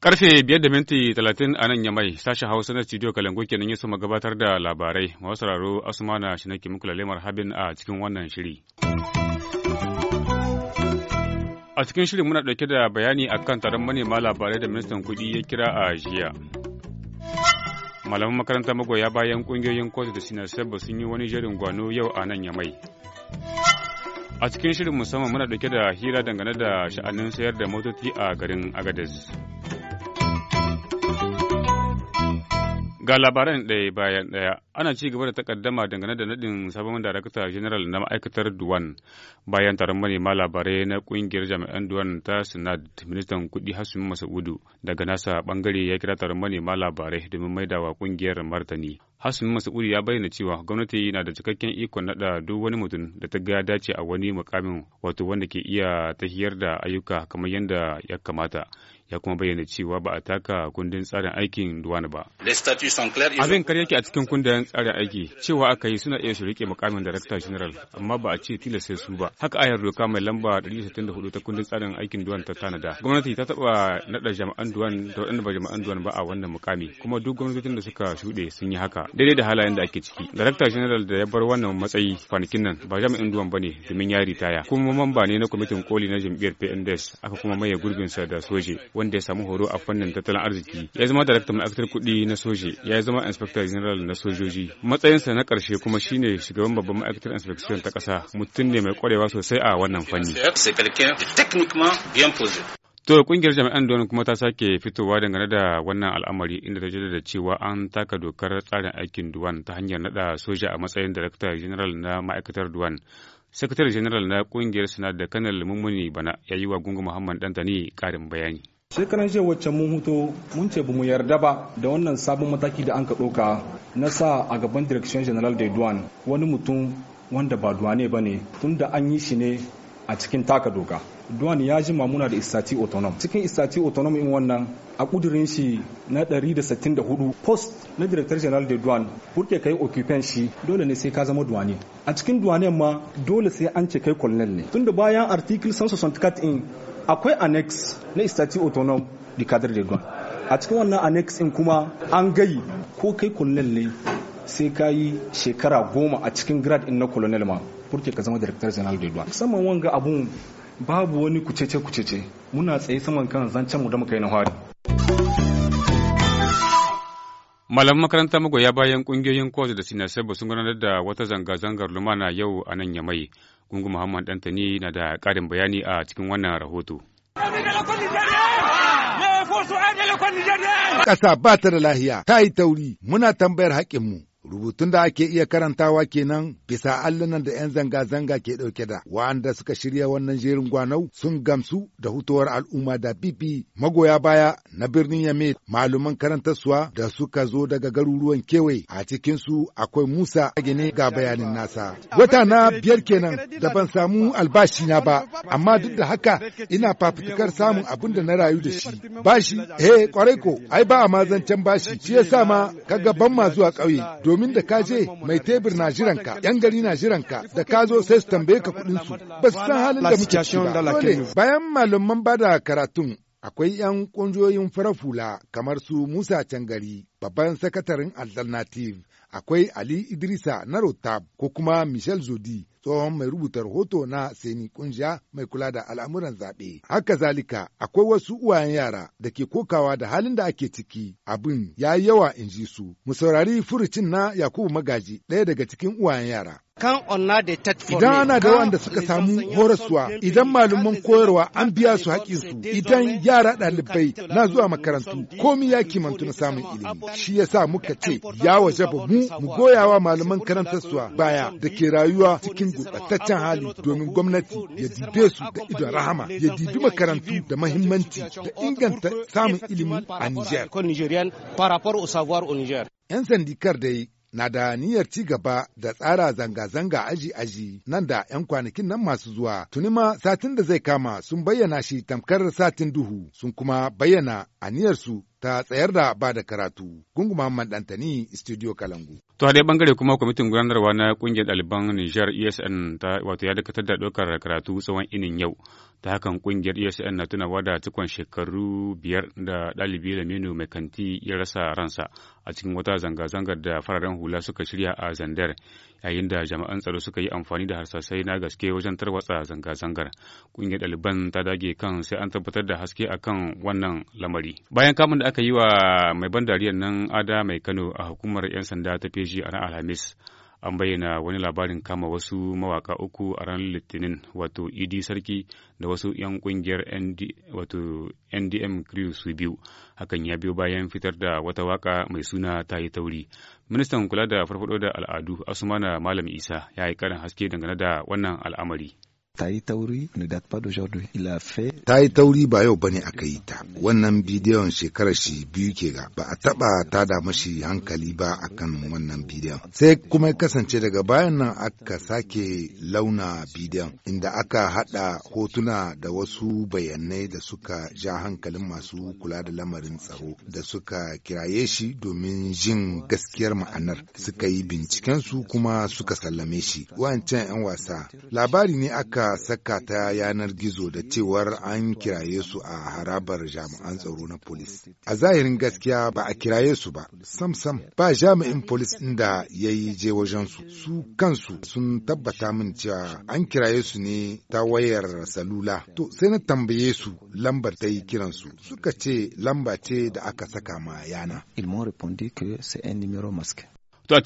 Karfe biyar da minti talatin a nan yamai sashen Hausa na studio Kalangu kenan ya suma gabatar da labarai. Masu sauraro Asmana shi nake muku lalemar habin a cikin wannan shiri. A cikin shirin muna ɗauke da bayani akan taron manema labarai da ministan kuɗi ya kira a jiya. malaman makaranta magoya bayan kungiyoyin kotu da sinasar sun yi wani jerin gwano yau a nan ya mai. a cikin shirin musamman muna dauke da hira dangane da sha'anin sayar da motoci a garin agadez Ga labaran ɗaya bayan ɗaya, ana ci gaba da takaddama dangane da nadin sabon darakta general na ma'aikatar Duwan bayan taron manema labarai na kungiyar jami'an Duwan ta Sinad, ministan kuɗi hasumin Masaudu daga nasa bangare ya kira taron manema labarai domin maidawa kungiyar martani. hasumin Masaudu ya bayyana cewa gwamnati na da cikakken ikon naɗa duk wani mutum da ta ga dace a wani mukamin wato wanda ke iya tahiyar da ayyuka kamar yadda ya kamata. ya kuma bayyana cewa ba a taka kundin tsarin aikin duwana ba. Abin kar yake a cikin kundin tsarin aiki cewa aka yi suna iya su rike mukamin darakta general amma ba a ce tilasta su ba. Haka ayar doka mai lamba 164 ta kundin tsarin aikin duwan ta tanada. Gwamnati ta taba naɗa jama'an duwan da waɗanda ba jama'an duwan ba a wannan mukami kuma duk gwamnatin da suka shuɗe sun yi haka daidai da halayen da ake ciki. Darakta general da ya bar wannan matsayi kwanakin nan ba jami'in duwan ne domin ya ritaya kuma mamba ne na kwamitin koli na jam'iyyar PNDS aka kuma maye gurbinsa da soje. wanda ya samu horo a fannin tattalin arziki ya zama daraktan ma'aikatar kuɗi na soje ya zama inspector general na sojoji matsayinsa na ƙarshe kuma shine shugaban babban ma'aikatar inspection ta ƙasa mutum ne mai kwarewa sosai a wannan fanni To kungiyar jami'an don kuma ta sake fitowa dangane da wannan al'amari inda ta da cewa an taka dokar tsarin aikin Duwan ta hanyar nada soja a matsayin director General na ma'aikatar Duwan. Sakatare General na kungiyar Sanar da Kanal Mummuni Bana ya yi wa Gungu Muhammad Dantani karin bayani. shekaran jiya wacce mun huto mun ce bamu yarda ba da wannan sabon mataki da an ka ɗauka na sa a gaban direction general da duwan wani mutum wanda ba duwane ba ne tun da an yi shi ne a cikin taka doka duwan ya ji mamuna da istati autonom cikin istati autonom in wannan a kudirin shi na 164 post na director general da duwan burke kai occupant shi dole ne sai ka zama duwane a cikin duwane ma dole sai an ce kai colonel ne tunda bayan article 164 in akwai annex na istati autonome di kadar de gwan a cikin wannan annex in kuma an gayi ko kai colonel ne sai ka yi shekara goma a cikin grad in na colonel ma burke ka zama director general de gwan saman wanga abun babu wani kucece kucece muna tsaye saman kan zancen mu da muka yi na hari Malam makaranta magoya bayan kungiyoyin kotu da sinasai sun gudanar da wata zanga-zangar lumana yau a nan yamai Gungu Muhammad Dantani na da ƙarin bayani a cikin wannan rahoto. Ƙasa ba ta da lahiya, ta yi tauri, muna tambayar haƙƙinmu. Rubutun da ake iya karantawa kenan bisa allunan da 'yan zanga-zanga ke ɗauke da wa'anda suka shirya wannan jerin gwanau sun gamsu da hutuwar al'umma da bibi magoya baya na birnin Yame karanta karantarsuwa da suka zo daga garuruwan kewaye a cikinsu akwai Musa Agene ga bayanin nasa. Wata na biyar kenan da ban samu albashi na ba amma duk da haka ina fafutukar samun abin da na rayu da shi. Bashi, eh kwarai ko, ai ba a mazancen bashi, shi yasa ma kaga ban ma zuwa ƙauye domin domin da ka je mai tebur na jiranka yan gari na jiran ka da ka zo sai su tambaye ka kuɗin su ba su san halin da muke ciki ba bayan malaman bada karatun akwai 'yan ƙungiyoyin farar hula kamar su Musa Cangari, babban sakataren Alternative, akwai Ali Idrisa na Rotab ko kuma Michel Zodi tsohon mai rubuta rahoto na Seni Kunja mai kula da al'amuran zaɓe. Haka zalika akwai wasu uwayen yara da ke kokawa da halin da ake ciki abin ya yawa in ji su. Mu saurari furucin na Yakubu Magaji ɗaya daga cikin uwayen yara. Idan ana da wanda suka samu horaswa, idan malaman koyarwa an biya su haƙinsu, idan yara ɗalibai na zuwa makarantu, komi ya kimantu na samun ilimi. Shi ya sa muka ce, ya waje ba mu, mu goyawa malaman karantarsuwa baya da ke rayuwa cikin gurɓataccen hali domin gwamnati ya dibe su da idon rahama, ya dibi makarantu da mahimmanci da inganta samun ilimi a Nijar. 'Yan sandikar da yi na da niyyar ci gaba da tsara zanga-zanga aji-aji nan da 'yan kwanakin nan masu zuwa. Tuni ma satin da zai kama sun bayyana shi tamkar satin duhu sun kuma bayyana aniyarsu ta tsayar da ba da karatu gungu Muhammad Dantani Studio Kalangu. To a bangare kuma kwamitin gudanarwa na kungiyar ɗaliban niger ESN ta wato ya dakatar da ɗaukar karatu tsawon inin yau. Ta hakan kungiyar ESN na tunawa da cikon shekaru biyar da ɗalibi Laminu mai kanti ya rasa ransa a cikin wata zanga-zangar da fararen hula suka shirya a Zandar. yayin da jami'an tsaro suka yi amfani da harsasai na gaske wajen tarwatsa zanga-zangar ƙungiyar ɗaliban ta dage kan sai an tabbatar da haske akan wannan lamari bayan kamun da aka yi wa mai ban dariyar nan ada mai kano a hukumar 'yan sanda ta feji a ranar alhamis an bayyana wani labarin kama wasu mawaka uku a ranar litinin wato idi sarki da wasu 'yan kungiyar ndm crew su biyu hakan ya biyo bayan fitar da wata waka mai suna ta yi tauri ministan kula da farfado da al'adu asumana malam isa ya yi karin haske dangane da wannan al'amari ta yi tauri il a fait ta yi tauri ba yau bane aka yi ta wannan bidiyon shekarar shi biyu ke ga ba a taba tada mashi hankali ba akan wannan bidiyon sai kuma ya kasance daga bayan nan aka sake launa bidiyon inda aka hada hotuna da wasu bayanai da suka ja hankalin masu kula da lamarin tsaro da suka kiraye shi domin jin gaskiyar ma'anar suka yi bincikensu kuma suka sallame shi wancan 'yan wasa labari ne aka suka saka ta yanar gizo da cewar an kiraye su a harabar jami'an tsaro na polis. A zahirin gaskiya ba a kiraye su ba, sam sam ba jami'in polis ɗin da ya yi je wajen su. Su kansu sun tabbata min cewa an kiraye su ne ta wayar salula. To sai na tambaye su lambar ta yi kiransu. Suka ce lamba ce da aka saka ma yana. Ils m'ont répondu que c'est un To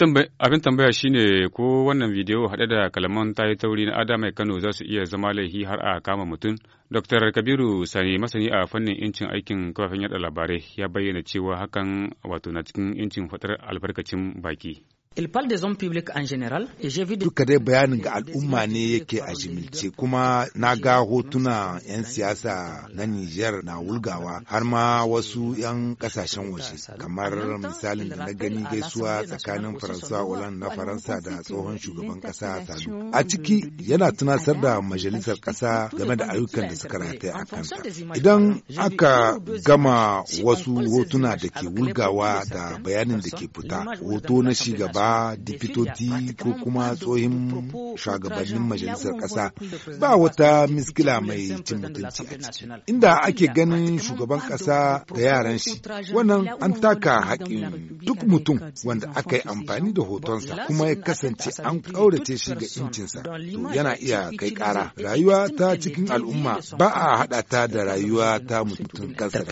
abin tambaya shine ko wannan bidiyo haɗe da kalaman yi tauri na Ada mai Kano za su iya zama laihi har a kama mutum. Dr. Kabiru Sani masani a fannin incin aikin kafafen yaɗa labarai ya bayyana cewa hakan wato na cikin incin faɗar albarkacin baki. Il parle des hommes publics en général et j'ai vu dai bayanin ga al'umma ne yake a jimilce kuma na ga hotuna 'yan siyasa na Nijar na wulgawa har ma wasu 'yan kasashen waje kamar misalin da na gani gaisuwa tsakanin Faransa Hollande na Faransa da tsohon shugaban kasa Sanu. A ciki yana tunasar da majalisar kasa game da ayyukan da suka rataye a kanta. Idan aka gama wasu hotuna da ke wulgawa da bayanin da ke fita hoto na shugaba dattawa dipitoti ko kuma tsohin shugabannin majalisar ƙasa ba wata miskila mai cin mutunci a ciki inda ake ganin shugaban ƙasa da yaran shi wannan an taka haƙin duk mutum wanda aka yi amfani da hotonsa kuma ya kasance an ƙaurace shi ga incinsa to yana iya kai ƙara rayuwa ta cikin al'umma ba a haɗa ta da rayuwa ta mutum kansa.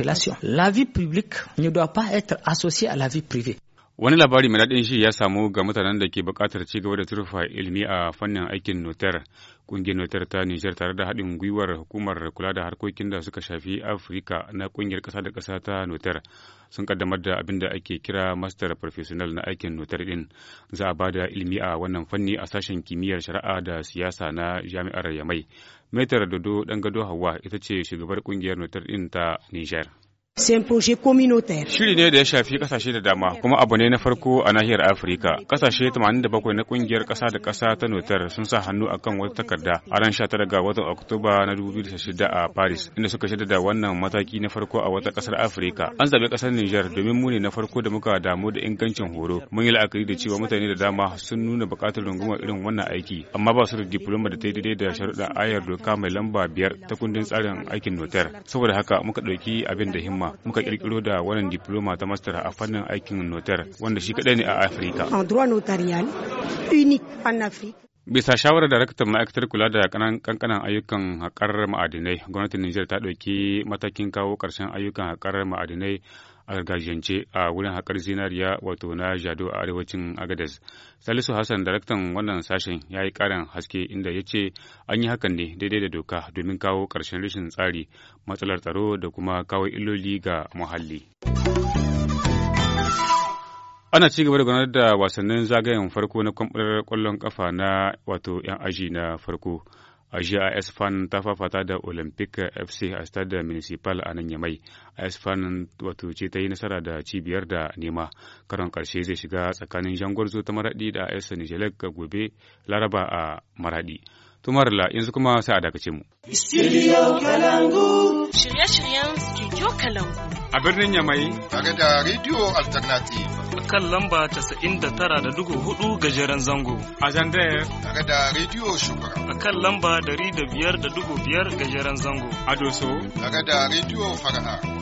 La vie publique ne doit pas être associée à la vie privée. Wani labari mai daɗin shi ya samu ga mutanen da ke buƙatar ci gaba da turfa ilimi a fannin aikin notar. Ƙungiyar notar ta Nijar tare da haɗin gwiwar hukumar kula da harkokin da suka shafi Afirka na ƙungiyar ƙasa da ƙasa ta notar sun kaddamar da abin da ake kira Master Professional na aikin notar din Za a ba da ilimi a wannan fanni a sashen kimiyyar shari'a da siyasa na jami'ar Yamai. Metar Dodo Ɗangado Hauwa ita ce shugabar ƙungiyar notar din ta Nijar. Shiri ne da ya shafi kasashe da dama kuma abu ne na farko a nahiyar Afirka. Kasashe 87 na kungiyar kasa da kasa ta Notar sun sa hannu akan wata takarda a ran 19 ga watan Oktoba na 2006 a Paris inda suka shaida da wannan mataki na farko a wata kasar Afirka. An zabe kasar Niger domin mu ne na farko da muka damu da ingancin horo. Mun yi la'akari da cewa mutane da dama sun nuna bukatar rungumar irin wannan aiki amma ba su da diploma da ta yi daidai da sharuɗan ayar doka mai lamba biyar ta kundin tsarin aikin Notar. Saboda haka muka ɗauki abin da himma diploma muka kirkiro da wannan diploma ta master a fannin aikin notar wanda shi kadai ne a Afirka. Bisa shawarar daraktan ma'aikatar kula da kankanan ayyukan haƙar ma'adinai, gwamnatin Nijar ta ɗauki matakin kawo ƙarshen ayyukan haƙar ma'adinai a gargajiyance a wurin haƙar zinariya wato na jado a arewacin agadez salisu hassan daraktan wannan sashen ya yi ƙarin haske inda ya ce an yi hakan ne daidai da doka domin kawo ƙarshen rashin tsari matsalar tsaro da kuma kawo illoli ga muhalli ana ci gaba da gudanar da wasannin zagayen farko na kwamfutar ƙwallon ƙafa na wato 'yan aji na farko a jiya fan ta fafata da olympic fc a stade municipal a nan yamai mai wato ce ta yi nasara da cibiyar da nema karon karshe zai shiga tsakanin jangwarzo ta maradi da as nijelek gobe laraba a maradi tumarla yanzu kuma sai a dakace mu. Studio Kalangu. Shirye-shiryen Studio Kalangu. A birnin Yamai. Tare da Radio Alternative. Kan lamba casa'in da tara da dugu hudu gajeren zango. A Zandaya. Tare da Radio Shugura. A kan lamba dari da biyar da dugu biyar gajeren zango. A Doso. Tare da Radio Fara'a.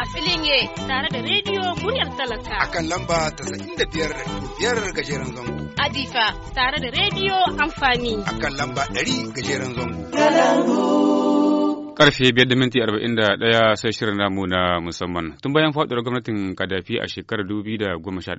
a filin ye tare da rediyo muryar talaka akan lamba ta da biyar biyar gajeren zango adifa tare da rediyo amfani akan lamba ɗari gajeren zango Karfe biyar da minti arba'in da ɗaya sai shirin namu na musamman. Tun bayan faɗuwar gwamnatin Kadafi a shekarar dubi da goma sha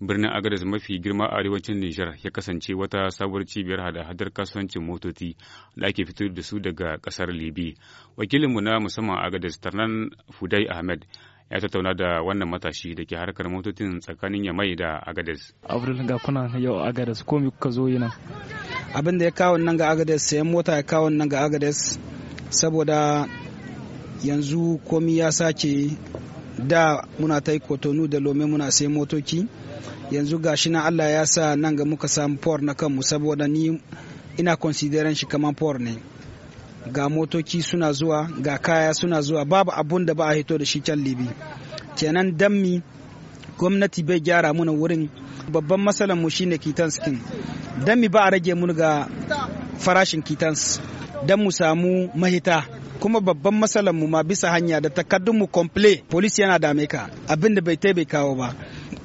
birnin Agadez mafi girma a arewacin Nijar ya kasance wata sabuwar cibiyar hada-hadar kasuwancin motoci da ake fito da su daga kasar Libi. Wakilinmu na musamman Agadez Tarnan Fudai Ahmed ya tattauna da wannan matashi da ke harkar motocin tsakanin Yamai da Agadez. Avril ga kuna yau Agadez ko kuka zo yi nan? Abin da ya kawo nan ga Agadez sayan mota ya kawo nan ga Agadez saboda yanzu komi ya sake da muna ta yi kotonu da lome muna sai motoki, yanzu gashi na allah ya sa nan ga muka samu por na kanmu saboda ni ina consideren shi kamar por ne ga motoci suna zuwa ga kaya suna zuwa babu abun da ba a hito da shi can libi kenan dammi gwamnati bai gyara muna wurin babban matsalar mu shine kitans kin dammi ba a rage mun ga farashin kitans don mu samu mahita kuma babban matsalar mu ma bisa hanya da takardun mu komple polisi yana dame ka abin da bai taimakawa ba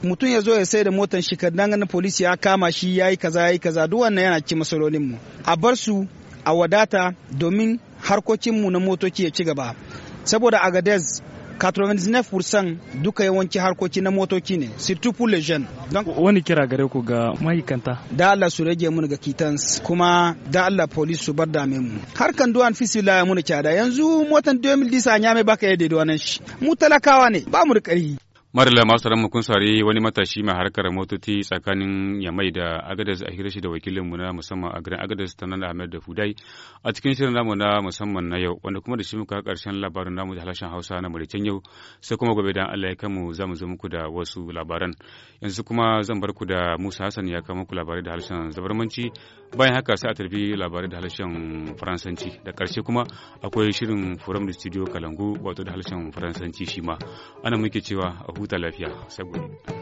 mutum ya zo ya sai da motan shi kadan ganin polisi ya kama shi ya yi kaza ya yi kaza duk wannan yana ci masalolin mu a bar su a wadata domin harkokin mu na motoci ya ci gaba saboda agadez 99% duka yawanci harkoki na motoci ne surtout pour les jeunes wani kira gare ku ga mahikanta da Allah su rage mun ga kitans kuma da Allah police su bar dame mu harkan duwan fisi ya mun kyada yanzu motan 2010 a nyame baka yadda da wannan shi mu talakawa ne ba mu da ƙarfi Marila masu ramu kun sare wani matashi mai harkar motoci tsakanin Yamai da agadas a hirashi da wakilinmu na musamman a garin agadas ta nan Ahmed da Fudai a cikin shirin namu na musamman na yau wanda kuma da shi muka karshen labarin namu da halashen Hausa na Mauritania yau sai kuma gobe dan Allah ya kanmu za mu zo muku da wasu labaran yanzu kuma zan bar ku da Musa Hassan ya kama ku labarai da halashen zabarmanci bayan haka sai a tarbi labarai da halashen Faransanci da karshe kuma akwai shirin Forum da Studio Kalangu wato da halashen Faransanci shi ma ana muke cewa huta c'est bon.